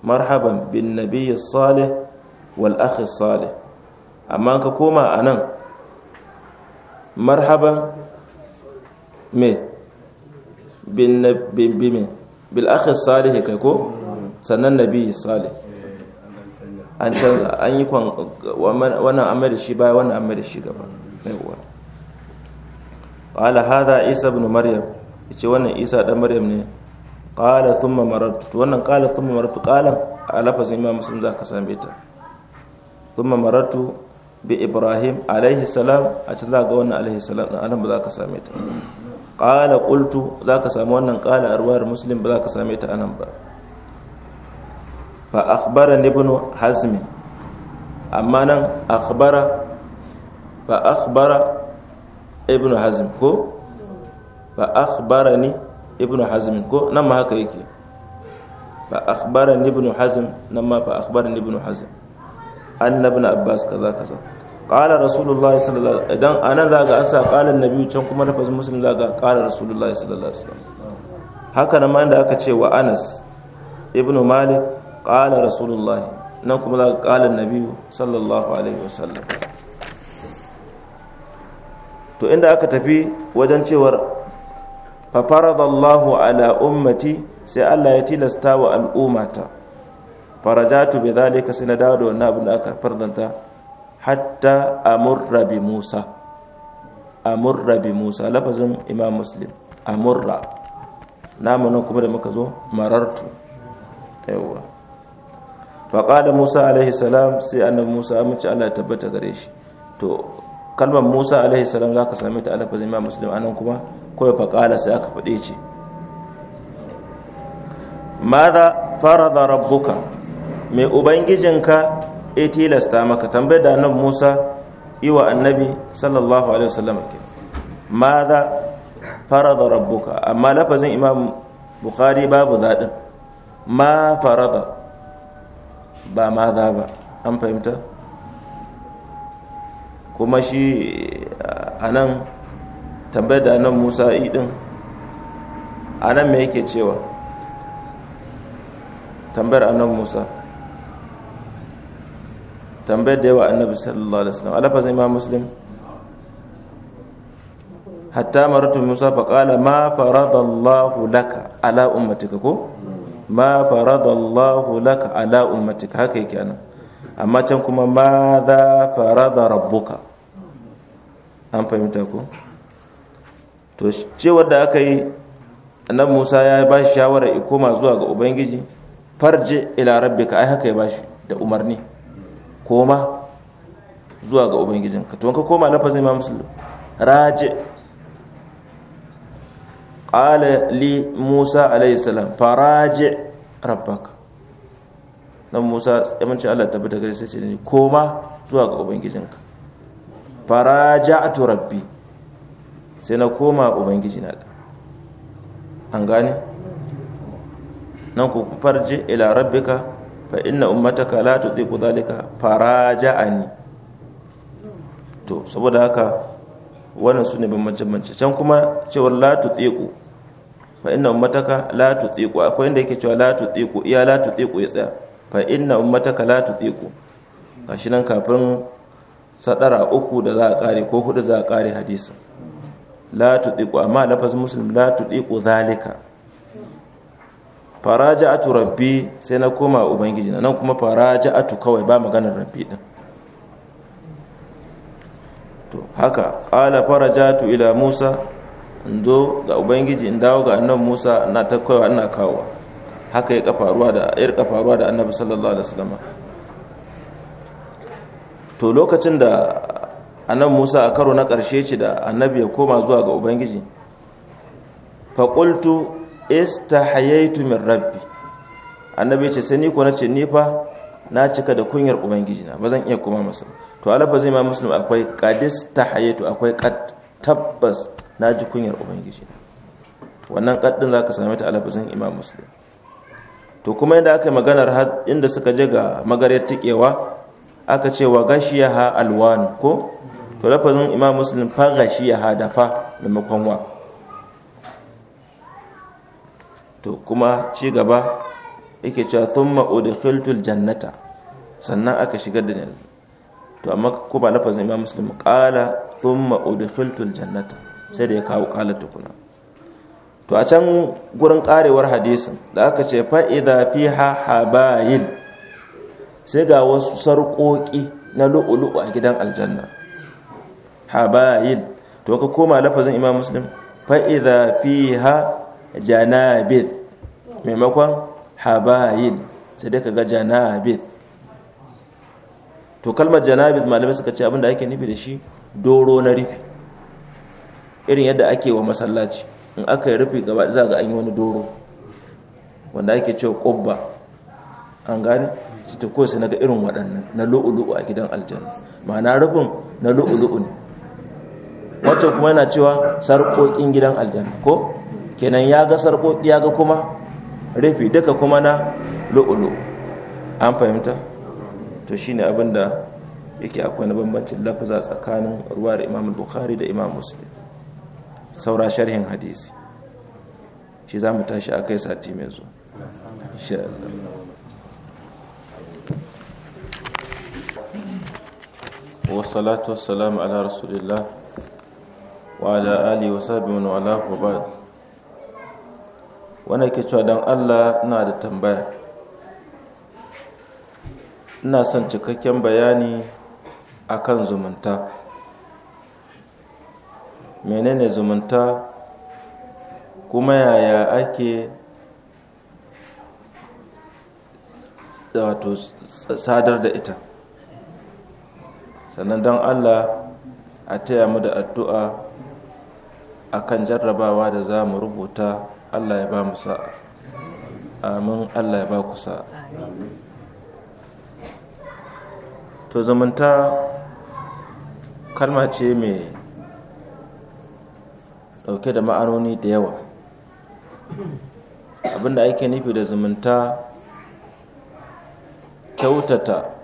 marhaban bin nabiyyi salih wal akhi salih amma ka koma a nan marhaban me bin me bil akhi salih kai sannan salih an canza an yi wannan amma da shi baya wannan amma da shi gaba yawwa qala hadha isa maryam yace wannan isa dan maryam ne qala thumma maradtu wannan qala thumma maradtu qalan a lafazin imam muslim za ka same ta thumma maradtu bi ibrahim alaihi salam a cikin za ga wannan alaihi salam din anan ba za ka same ta qala qultu za ka samu wannan qala ruwayar muslim ba za ka same ta anan ba fa akhbara ibn hazm amma nan akhbara fa akhbara ibn hazm ko fa akhbarani ibnu hazm ko nan ma haka yake fa akhbarani ibnu hazm nan ma fa akhbarani ibnu hazm anna ibn abbas kaza kaza qala rasulullahi sallallahu alaihi wasallam idan anan zaga an sa qala annabi can kuma da fasin muslim zaga qala rasulullahi sallallahu alaihi wasallam haka nan ma inda aka ce wa anas ibnu malik qala rasulullahi nan kuma zaga qala annabi sallallahu alaihi wasallam to inda aka tafi wajen cewar fa faradallahu ala ummati sai Allah ya tilasta wa al'ummata farajatu bi zalika sai na dawo da wannan abin da aka farzanta hatta amurra bi Musa amurra bi Musa lafazin Imam Muslim amurra namu nan kuma da muka zo marartu yawa fa qala Musa alaihi salam sai annabi Musa amince Allah ya tabbata gare shi to kalmar musa alaihi salam za ka same ta alafazin imam muslim anan kuma kawai faƙala sai aka faɗe ce maza da rabbuka mai ubangijinka a tilasta maka tambayar da nan musa yi wa annabi sallallahu alaihi wasallam ke maza da rabbuka amma lafazin imam bukhari babu zaɗin ma da, ba maza ba an fahimta kuma shi a nan tambayar da nan musa idin a nan me yake cewa tambayar a nan musa tambayar da yawa annabi sallallahu alaihi wasallam alafazin ma muslim hatta maratu musa faƙala ma faradallahu laka ala ummatika ko ma faradallahu laka ala ummatika haka yake nan amma can kuma ma za farada rabbuka an fahimta ko to cewar da aka yi annabi musa ya ba shi shawara koma zuwa ga ubangiji farje ila rabbika ai haka ya ba shi da umarni koma zuwa ga ubangijinka to ka koma lafazin ma musulun raje qala li musa alayhi salam faraje rabbaka nan musa ya mance Allah tabbata gare sai ce koma zuwa ga ubangijinka faraja'tu rabbi sai na koma ubangiji na an gane nan ku farji ila rabbika fa inna ummataka la tudhiqu dhalika faraja'ani to saboda haka wannan sune bambance bambance can kuma cewa la ku fa inna ummataka la ku akwai inda yake cewa la ku iya la ku ya tsaya fa inna ummataka la tutiqu gashi nan kafin sadara uku da za a kare ko hudu za a kare hadisin la tudiku amma lafazin muslim la tudiku zalika faraja'atu rabbi sai na koma ubangiji nan kuma faraja'atu kawai ba maganar rabbi din to haka qala faraja'tu ila musa ndo ga ubangiji in dawo ga annabi musa na ta kawai ina kawo haka ya kafaruwa da ir kafaruwa da annabi sallallahu alaihi wasallam to lokacin da annabi musa a karo na ƙarshe ce da annabi ya koma zuwa ga ubangiji faƙultu istahayaitu min rabbi annabi ce sai ni ko na ce ni fa na cika da kunyar ubangiji na ba zan iya koma masa to alafa zai ma musulmi akwai qadis tahayatu akwai qad tabbas na ji kunyar ubangiji wannan qad din zaka same ta zan imam muslim to kuma inda aka maganar inda suka je ga magaryar tikewa aka ce wa ha alwan ko to lafazin imam muslim fa gashiyaha da fa da makonwa to kuma ci gaba yake cewa thumma udkhiltul jannata sannan aka shigar da ni to amma ko ba lafazin imam muslim qala thumma udkhiltul jannata sai da ya kawo qala tukuna to a can gurin karewar hadisin da aka ce fa ha fiha habayil sai ga wasu sarƙoƙi na lu'ulu'u a gidan aljanna habayin to ka koma lafazin imam muslim fa'iza fiha janabit maimakon habayin sai dai ka ga janabit to kalmar janabit malamai suka ce abinda ake nufi da shi doro na rufi irin yadda ake wa masallaci in aka yi rufi gaba za ga an yi wani doro wanda ake cewa ƙubba an gani? ce to na ga irin waɗannan na lu'ulu'u a gidan aljanna ma'ana rufin na lu'ulu'u ne wacce kuma yana cewa sarƙoƙin gidan aljanna ko kenan ya ga sarƙoƙi ya ga kuma rufi duka kuma na lu'ulu'u an fahimta to shi ne abin da yake akwai na bambancin lafaza tsakanin ruwa da imam bukhari da imam muslim saura sharhin hadisi shi za mu tashi a kai sati mai zuwa wasalatu wasalamu ala rasulillah wa ala ali wa sahbihi wa ala wa ba'd wannan ke cewa dan Allah na da tambaya ina son cikakken bayani akan zumunta menene zumunta kuma yaya ake wato sadar da ita sannan don allah a taya mu da addu'a a kan jarrabawa da za mu rubuta allah ya ba mu sa'a amin allah ya ba ku sa'a to zamanta kalma ce mai dauke da ma'anoni da yawa abinda ake nufi da zumunta kyautata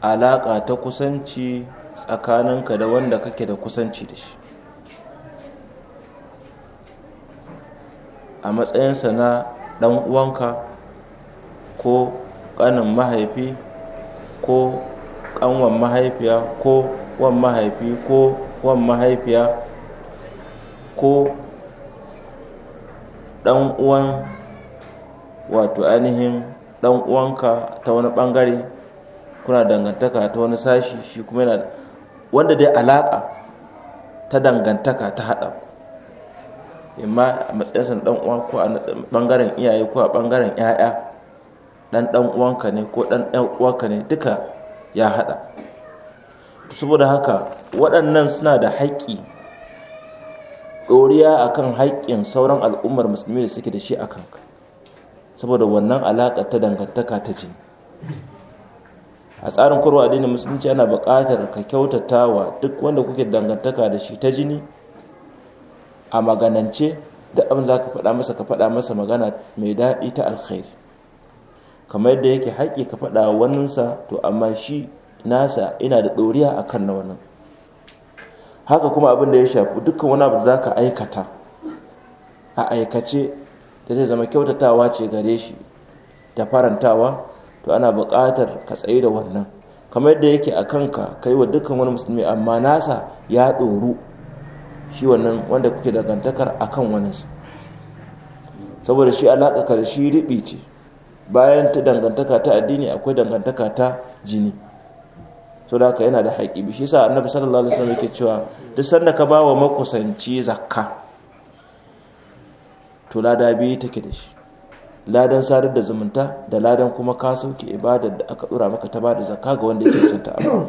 alaƙa ta kusanci tsakaninka da wanda kake da kusanci da shi a matsayinsa na ɗan uwanka ko ƙanin mahaifi ko ƙanwan mahaifiya ko wan mahaifi ko wan mahaifiya ko ɗan uwan wato ainihin ɗan uwanka ta wani ɓangare kuna dangantaka ta wani sashi shi kuma yana wanda dai alaƙa ta dangantaka ta haɗa imma a matsayinsa ɗan uwa ko a ɓangaren iyaye ko a ɓangaren 'ya'ya ɗan ɗan ka ne ko ɗan ɗan ka ne duka ya haɗa saboda haka waɗannan suna da haƙƙi ɗoriya akan haƙƙin sauran al'ummar musulmi da suke da shi a kanka saboda wannan alaƙa ta dangantaka ta jini a tsarin kurwa addinin musulunci ana buƙatar ka kyautatawa duk wanda kuke dangantaka da shi ta jini a maganance da abin za ka faɗa masa ka faɗa masa magana mai daɗi ta alkhairi kamar yadda yake haƙƙi ka faɗa waninsa to amma shi nasa ina da ɗoriya a kan na wani haka kuma abin da ya shafi dukkan wani abu da za ka aikata a aikace da zai zama kyautatawa ce gare shi da farantawa to ana buƙatar ka tsaye da wannan kamar yadda yake a kanka kai wa dukkan wani musulmi amma nasa ya ɗoru shi wannan wanda kuke dangantakar a kan wani. saboda shi alaƙa shi riɓi ce bayan ta dangantaka ta addini akwai dangantaka ta jini to da haka yana da haƙi shi sa annabi sallallahu alaihi wasallam yake cewa duk sanda ka wa makusanci zakka to lada biyu take da shi ladan sadar da zumunta da ladan kuma ka sauke ibadar da aka dura maka ta bada zakka ga wanda yake cancanta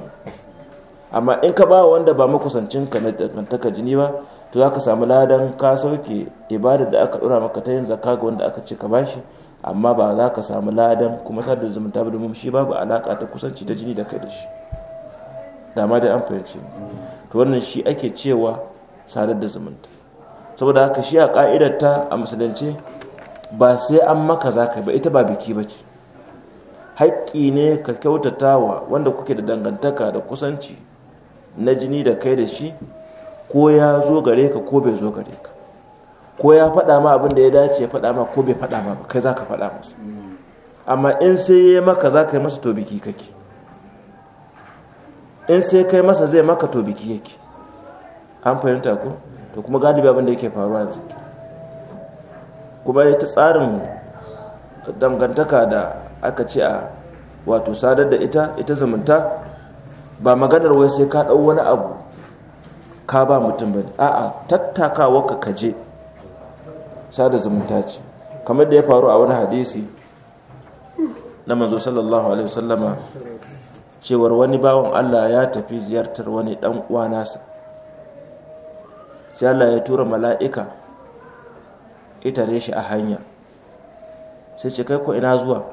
amma in ka ba wanda ba makusancin ka na dangantaka jini ba to za ka samu ladan ka sauke ibadar da aka dura maka ta yin zakka ga wanda aka ce ka bashi amma ba za ka samu ladan kuma sadar da zumunta ba domin shi babu alaka ta kusanci ta jini da kai da shi dama dai an fahimci to wannan shi ake cewa sadar da zumunta saboda haka shi a ka'idar ta a musulunci ba sai an maka za ka ba ita ba biki ba ce haƙƙi ne ka kyautatawa wanda kuke da dangantaka da kusanci na jini da kai da shi ko ya zo gare ka ko bai zo gare ka ko ya faɗa ma abin da ya dace ya faɗa ma ko bai faɗa ma ba kai za ka faɗa masa amma in sai ya maka za ka yi masa to biki kake in sai kai masa zai maka to biki yake an fahimta ko to kuma galibi abin da yake faruwa yanzu kuma ya ta tsarin dangantaka da aka ce a wato sadar da ita ita zumunta ba maganar wai sai ka ɗau wani abu ka ba mutum ba a'a tattakawa ka kaje sada zumunta ce kamar da ya faru a wani hadisi na manzo sallallahu alaihi wasallama cewar wani bawan Allah ya tafi ziyartar wani dan uwa nasa sai Allah ya tura mala'ika itare shi a hanya sai ce kai ko ina zuwa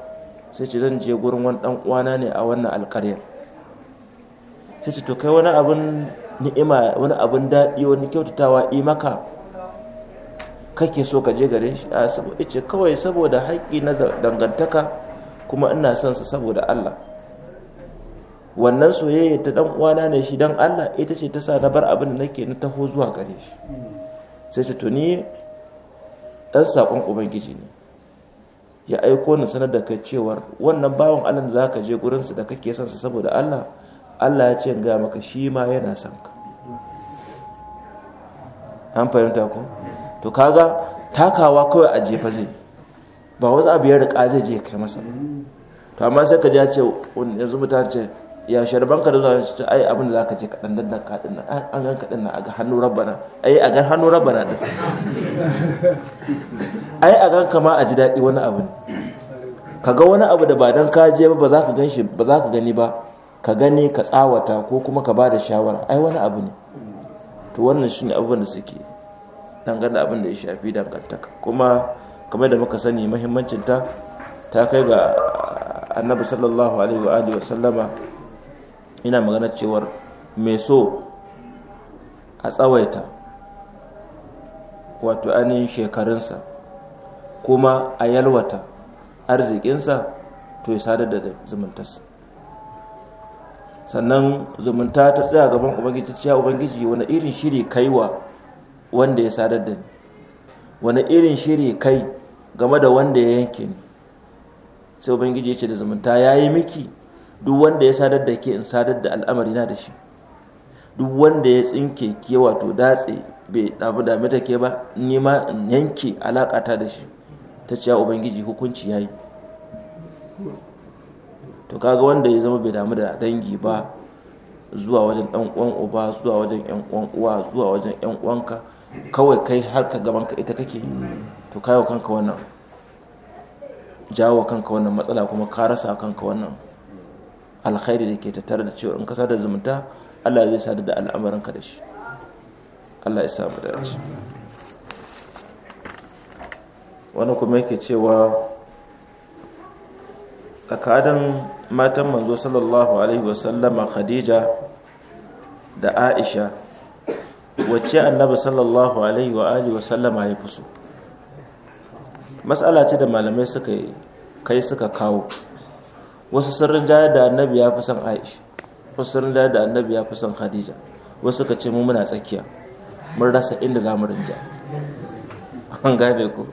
sai ce zan je gurin wani dan uwana ne a wannan alƙaryar sai ce to kai wani abin ni'ima wani abin daɗi wani kyautatawa i maka kake so ka je gare shi a saboda ce kawai saboda haƙƙi na dangantaka kuma ina son sa saboda Allah wannan soyayya ta dan uwana ne shi dan Allah ita ce ta sa na bar abin da nake na taho zuwa gare shi sai ce to ni ɗan saƙon ubangiji ne ya aiko ni sanar da kai cewar wannan bawan allah da za ka je gurinsa da kake son sa saboda allah allah ya ce ga maka shi ma yana son ka an fahimta ko to kaga takawa kawai a jefa zai ba wasu abu ya riƙa zai je kai masa to amma sai ka ja ce yanzu mutane ya sharban ka da zuwa shi ai abin da zaka je ka dan ka din nan an gan ka din nan a ga hannu rabbana ai a ga hannu rabbana din ai a gan kama a ji dadi wani abu ka ga wani abu da ba dan ka je ba ba za ka gan shi ba zaka gani ba ka gani ka tsawata ko kuma ka bada shawara ai wani abu ne to wannan shine abubuwan da suke dangane abin da ya shafi dangantaka kuma kamar da muka sani muhimmancin ta ta kai ga annabi sallallahu alaihi wa alihi wa sallama yana magana cewar mai so a tsawaita wato ainihin shekarunsa kuma a yalwata arzikinsa to ya sadar da zumuntarsa sannan zumunta ta tsaya gaban ubangiji ta ubangiji wani irin shiri kaiwa wanda ya sadar da ni wani irin shiri kai game da wanda ya yanke ni sai ubangiji ya ce da zumunta ya yi miki duk wanda ya sadar da ke in sadar da al'amari na da shi duk wanda ya tsinke ke wato datse bai damu dami da ke ba nima in yanke alakata da shi ta ciya ubangiji hukunci ya yi to kaga wanda ya zama bai damu da dangi ba zuwa wajen dan uwan uba zuwa wajen yan uwan uwa zuwa wajen yan uwanka kawai kai har ka gaban ka ita kake to kayo kanka wannan jawo kanka wannan matsala kuma ka rasa kanka wannan alkhairi da ke tattare da cewa in ka sada zumunta Allah zai sada da al'amarin ka da shi Allah ya samu da shi wani kuma yake cewa tsakanin matan manzo sallallahu alaihi wasallama khadija da aisha wacce annabi sallallahu alaihi wa alihi sallama ya fi so Mas'ala ce da malamai suka kai suka kawo wasu sun rinjaya da annabi ya fi son aisha wasu sun rinjaya da annabi ya fi son khadija wasu suka ce mu muna tsakiya mun rasa inda za mu rinja an gane ku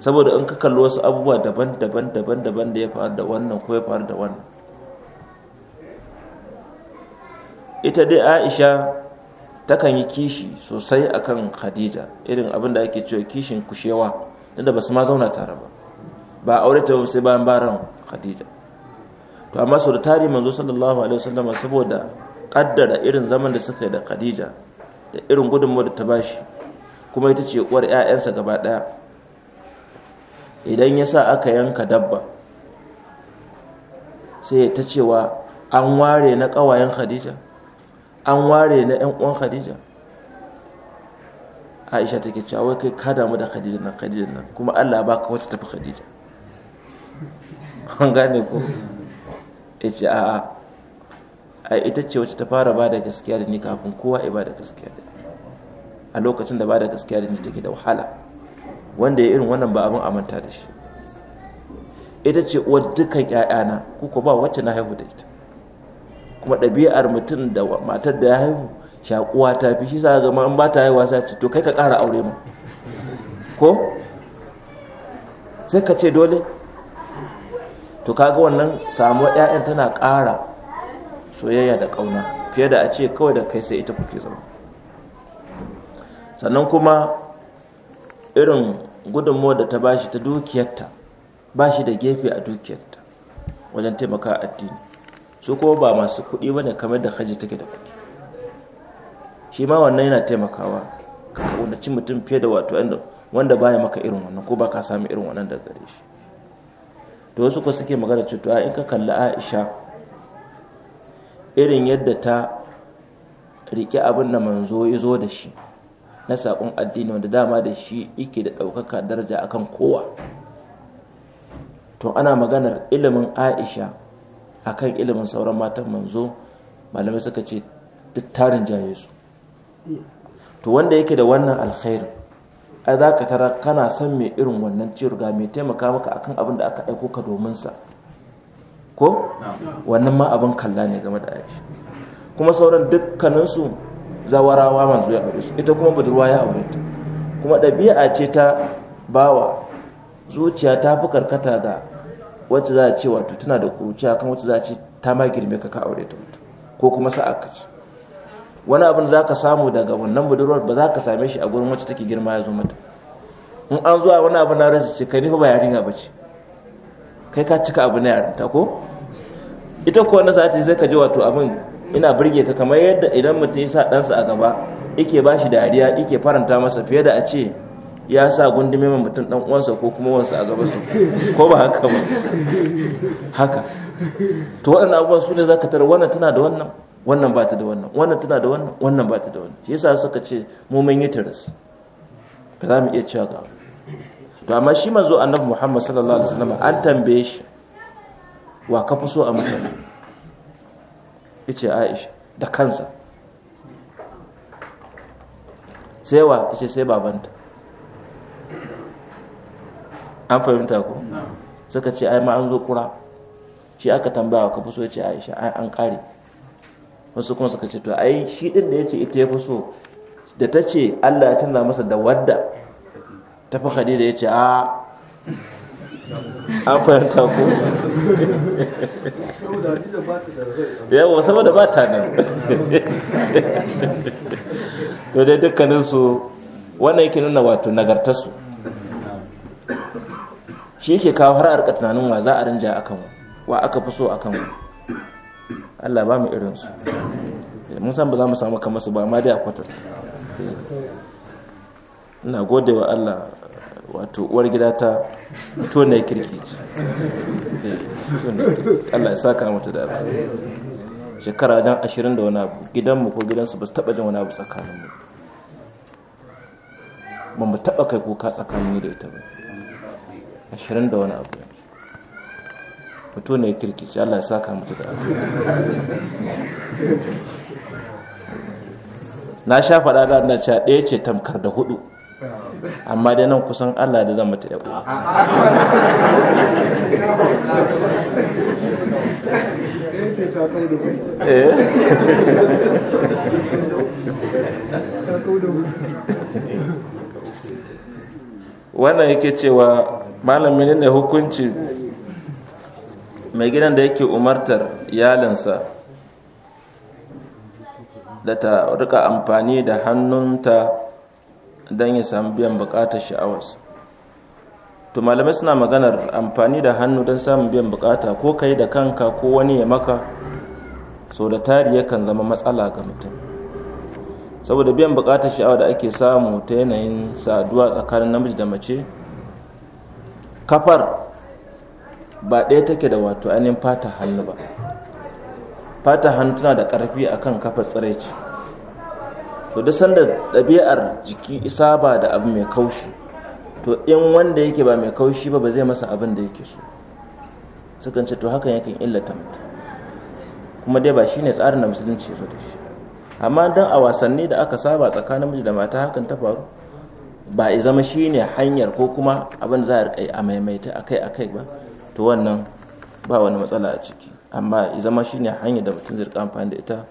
saboda in ka kalli wasu abubuwa daban-daban daban-daban da ya faru da wannan ko ya faru da wannan ita dai aisha takan yi kishi sosai akan khadija irin abin da ake cewa kishin kushewa tunda ba su ma zauna tare ba ba aure ta sai bayan baran khadija to amma sau da tari manzo sallallahu alaihi wasallam saboda kaddara irin zaman da suka yi da Khadija da irin gudunmu da ta bashi kuma ita ce uwar ƴaƴansa gaba ɗaya idan ya sa aka yanka dabba sai ta cewa an ware na ƙawayen Khadija an ware na ƴan uwan Khadija Aisha take cewa kai ka damu da Khadija nan Khadija nan kuma Allah baka wata tafi Khadija an gane ko ya ce a'a a ita ce wacce ta fara ba da gaskiya da ni kafin kowa ya ba da gaskiya da a lokacin da ba da gaskiya da ni take da wahala wanda ya irin wannan ba abin amanta da shi ita ce uwar dukkan ƴaƴana ko ba wacce na haihu da ita kuma ɗabi'ar mutum da matar da ya haihu shakuwa ta fi shi sa gama an ba ta haihuwa sai ce to kai ka ƙara aure ma ko sai ka ce dole to kaga wannan samuwar 'ya'yan tana ƙara soyayya da ƙauna fiye da a ce kawai da kai sai ita kuke zama sannan kuma irin gudunmawar da ta bashi ta dukiyarta bashi da gefe a dukiyarta wajen taimaka addini su kuma ba masu kuɗi ba ne kamar da hajji take da kuɗi shi ma wannan yana taimakawa ka kaunaci mutum fiye da wato wanda baya maka irin wannan ko ba ka sami irin wannan daga gare shi to wasu ko suke magana cewa in ka kalli Aisha irin yadda ta riƙe abin da manzo ya zo da shi na saƙon addini wanda dama da shi yake da ɗaukaka daraja akan kowa to ana maganar ilimin Aisha akan ilimin sauran matan manzo malamai suka ce duk tarin jaye su to wanda yake da wannan alkhairin ai za ka tara kana san mai irin wannan cirga mai taimaka maka akan abin da aka aiko ka domin sa ko wannan ma abin kalla ne game da aiki? kuma sauran dukkaninsu zawarawa manzo ya aure su ita kuma budurwa ya aure ta kuma ɗabi'a ce ta bawa zuciya ta fi karkata ga wacce za a ce wato tana da kuruciya kan wacce za a ce ta ma girme ka ka aure ta ko kuma sa'a ka ce wani abin za ka samu daga wannan budurwar ba za ka same shi a gurin wacce take girma ya zo mata in an zuwa wani abu na rasa ce kai ni ba yarinya ba ce kai ka cika abu na yarinta ko ita ko wani sati sai ka ji wato abin ina birge ka kamar yadda idan mutum ya sa ɗansa a gaba yake ba shi dariya yake faranta masa fiye da a ce ya sa gundume mai mutum ɗan uwansa ko kuma wansa a gaba su ko ba haka ba haka to waɗannan abubuwan su ne za ka tara wannan tana da wannan wannan ba ta da wannan wannan tana da wannan wannan ba ta da wannan shi yasa suka ce mu mun yi tiras ba za mu iya cewa ga to amma shi manzo annabi Muhammad sallallahu alaihi wasallam an tambaye shi wa ka fi so a mutane yace Aisha da kansa sai wa yace sai babanta an fahimta ko suka ce ai ma an zo kura shi aka tambaya ka fi so yace Aisha ai an kare wasu kuma suka ce to ai shi din da yace ita ya fi so da ta ce Allah ya tunna masa da wadda ta fi khadija ya ce a an fahimta ko yawa saboda ba ta nan to dai dukkaninsu wannan yake nuna wato su shi yake kawo har arka tunanin wa za a rinja akan wa aka fi so akan Allah ba mu irin su mun san ba za mu samu kamar su ba amma dai a kwatanta ina gode wa Allah wato uwar gida ta tona kirki Allah ya saka mata da rai shekara jan ashirin da wani abu gidanmu ko gidansu ba su taɓa jin wani abu tsakaninmu ba mu taɓa kai kuka tsakaninmu da ita ba ashirin da wani abu mutum ne kirkici Allah ya saka mutu da abu na sha faɗa da na cha ɗaya ce tamkar da hudu amma dai nan kusan Allah da zama ta yabo eh? wannan yake cewa malamin ne hukunci mai gidan da yake umartar iyalinsa da ta rika amfani da hannunta don ya samu biyan bukatar sha'awarsa to malamai suna maganar amfani da hannu don samun biyan bukata ko kai da kanka ko wani ya maka sau da tari yakan zama matsala ga mutum saboda biyan bukatar sha'awa da ake samu ta yanayin saduwa tsakanin namiji da mace kafar ba ɗaya take da wato ainihin fata hannu ba fata hannu tana da ƙarfi akan kafa tsiraici to duk sanda ɗabi'ar jiki isa ba da abu mai kaushi to in wanda yake ba mai kaushi ba ba zai masa abin da yake so sukan ce to hakan yakan illata mutum kuma dai ba shine tsarin da musulunci ya da shi amma don a wasanni da aka saba tsakanin miji da mata hakan ta faru ba ya zama shine hanyar ko kuma abin za a rikai a maimaita akai akai ba to wannan ba wani matsala a ciki amma ya zama shi ne hanyar da mutum zirka amfani da ita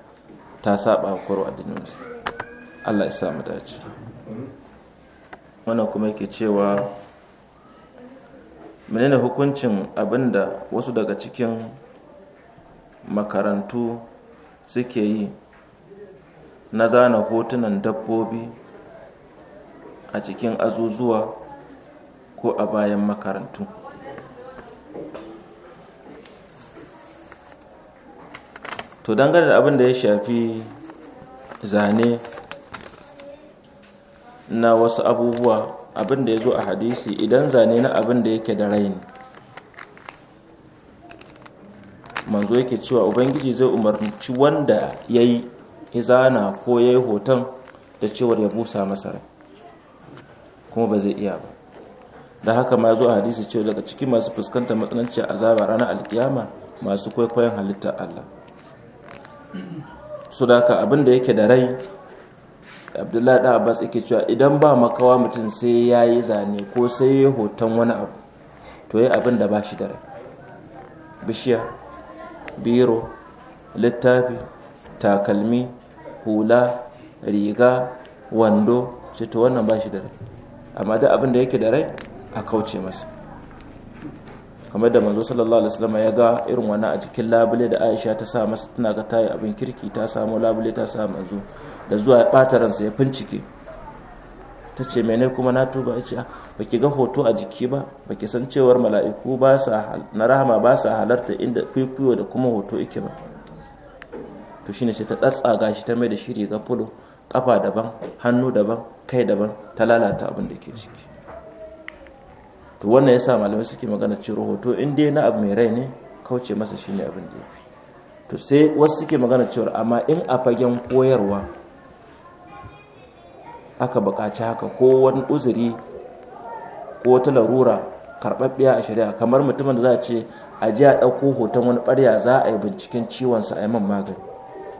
ta saba a addinin Allah ya samu dace wannan kuma yake cewa menene hukuncin abinda wasu daga cikin makarantu suke yi na zana hotunan dabbobi a cikin azuzuwa ko a bayan makarantu to dangane da abin da ya shafi zane na wasu abubuwa abin da ya zo a hadisi idan zane na abin da yake da raini manzo yake cewa ubangiji zai umarci wanda ya yi izana ko ya yi hoton da cewar ya busa masa kuma ba zai iya ba da haka ma zo a hadisi cewa daga ciki masu fuskantar a azaba ranar alkiyama masu kwaikwayon halittar allah sudaka da ka abin da yake da rai abdullahi da abbas yake cewa idan ba makawa mutum sai ya yi zane ko sai ya hoton wani abu to yi abin da ba shi da rai bishiya biro littafi takalmi hula riga wando ce to wannan ba shi da rai amma da abin da yake da rai a kauce masa kamar da manzo sallallahu alaihi wasallam ya ga irin wani a cikin labule da Aisha ta sa masa tana ga tayi abin kirki ta samu labule ta sa manzo da zuwa ya bata ransa ya fincike ta ce mene kuma na tuba ce ah, baki ga hoto a jiki ba baki san cewar mala'iku ba sa na rahama ba sa halarta inda kwikwiyo da kuma hoto yake ba to shine sai ta tsatsaga shi ta mai da shiri ga fulo kafa daban hannu daban kai daban ta lalata abin da ke ciki to wannan yasa malamai suke magana cewa rahoto in dai na abu mai rai ne kauce masa shine abin da yafi to sai wasu suke magana cewa amma in a fagen koyarwa aka bukaci haka ko wani uzuri ko wata larura karɓaɓɓiya a shari'a kamar mutumin da za a ce a ji a ɗauko hoton wani ɓarya za a yi binciken sa a yi man magani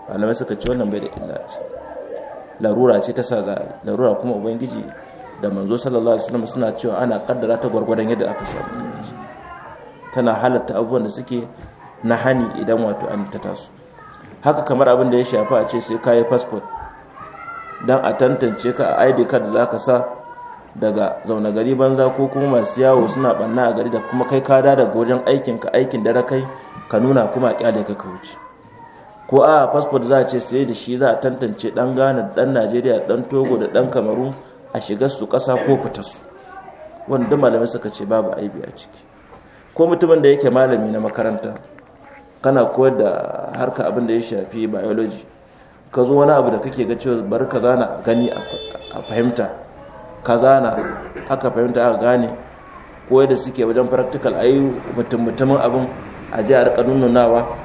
malamai suka ce wannan bai da illa larura ce ta sa za a yi larura kuma ubangiji da manzo sallallahu alaihi wasallam suna cewa ana kaddara ta gwargwadon yadda aka samu tana halatta abubuwan da suke na hani idan wato an ta taso haka kamar abin da ya shafa a ce sai ka yi passport don a tantance ka a id card za ka sa daga zaune gari banza ko kuma masu yawo suna banna a gari da kuma kai kada daga wajen aikin ka aikin dare kai ka nuna kuma a da ka wuce ko a passport za a ce sai da shi za a tantance dan ghana dan najeriya dan togo da dan kamaru a shiga su ƙasa ko fita su wanda malami suka ce babu aibi a ciki ko mutumin da yake malami na makaranta kana koyar da harka abin da ya shafi biology ka zo wani abu da kake ga cewa bari ka zana gani a fahimta ka zana haka fahimta aka gane ko da suke wajen practical ayi mutum mutumin abin a ji a rika nunawa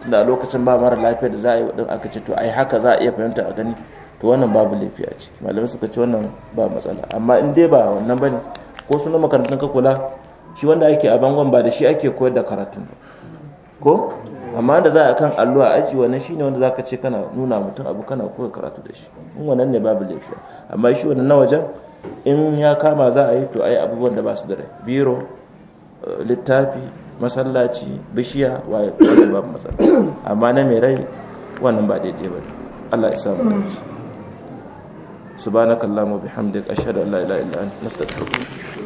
tunda lokacin ba mara lafiya da za a yi wadin aka ce to ai haka za a iya fahimta a gani to wannan babu laifi a ciki malamai suka ce wannan ba matsala amma in dai ba wannan bane ko sunan makarantun ka kula shi wanda ake a bangon ba da shi ake koyar da karatun ko amma da za a kan allo a aji wannan shine wanda zaka ce kana nuna mutum abu kana koyar karatu da shi in wannan ne babu laifi amma shi wannan na wajen in ya kama za a yi to ai abubuwan da ba su da rai biro littafi masallaci bishiya waye babu matsala amma na mai rai wannan ba daidai ba Allah ya samu dace subhanakallahumma bihamdika ashhadu an la ilaha illa anta astaghfiruka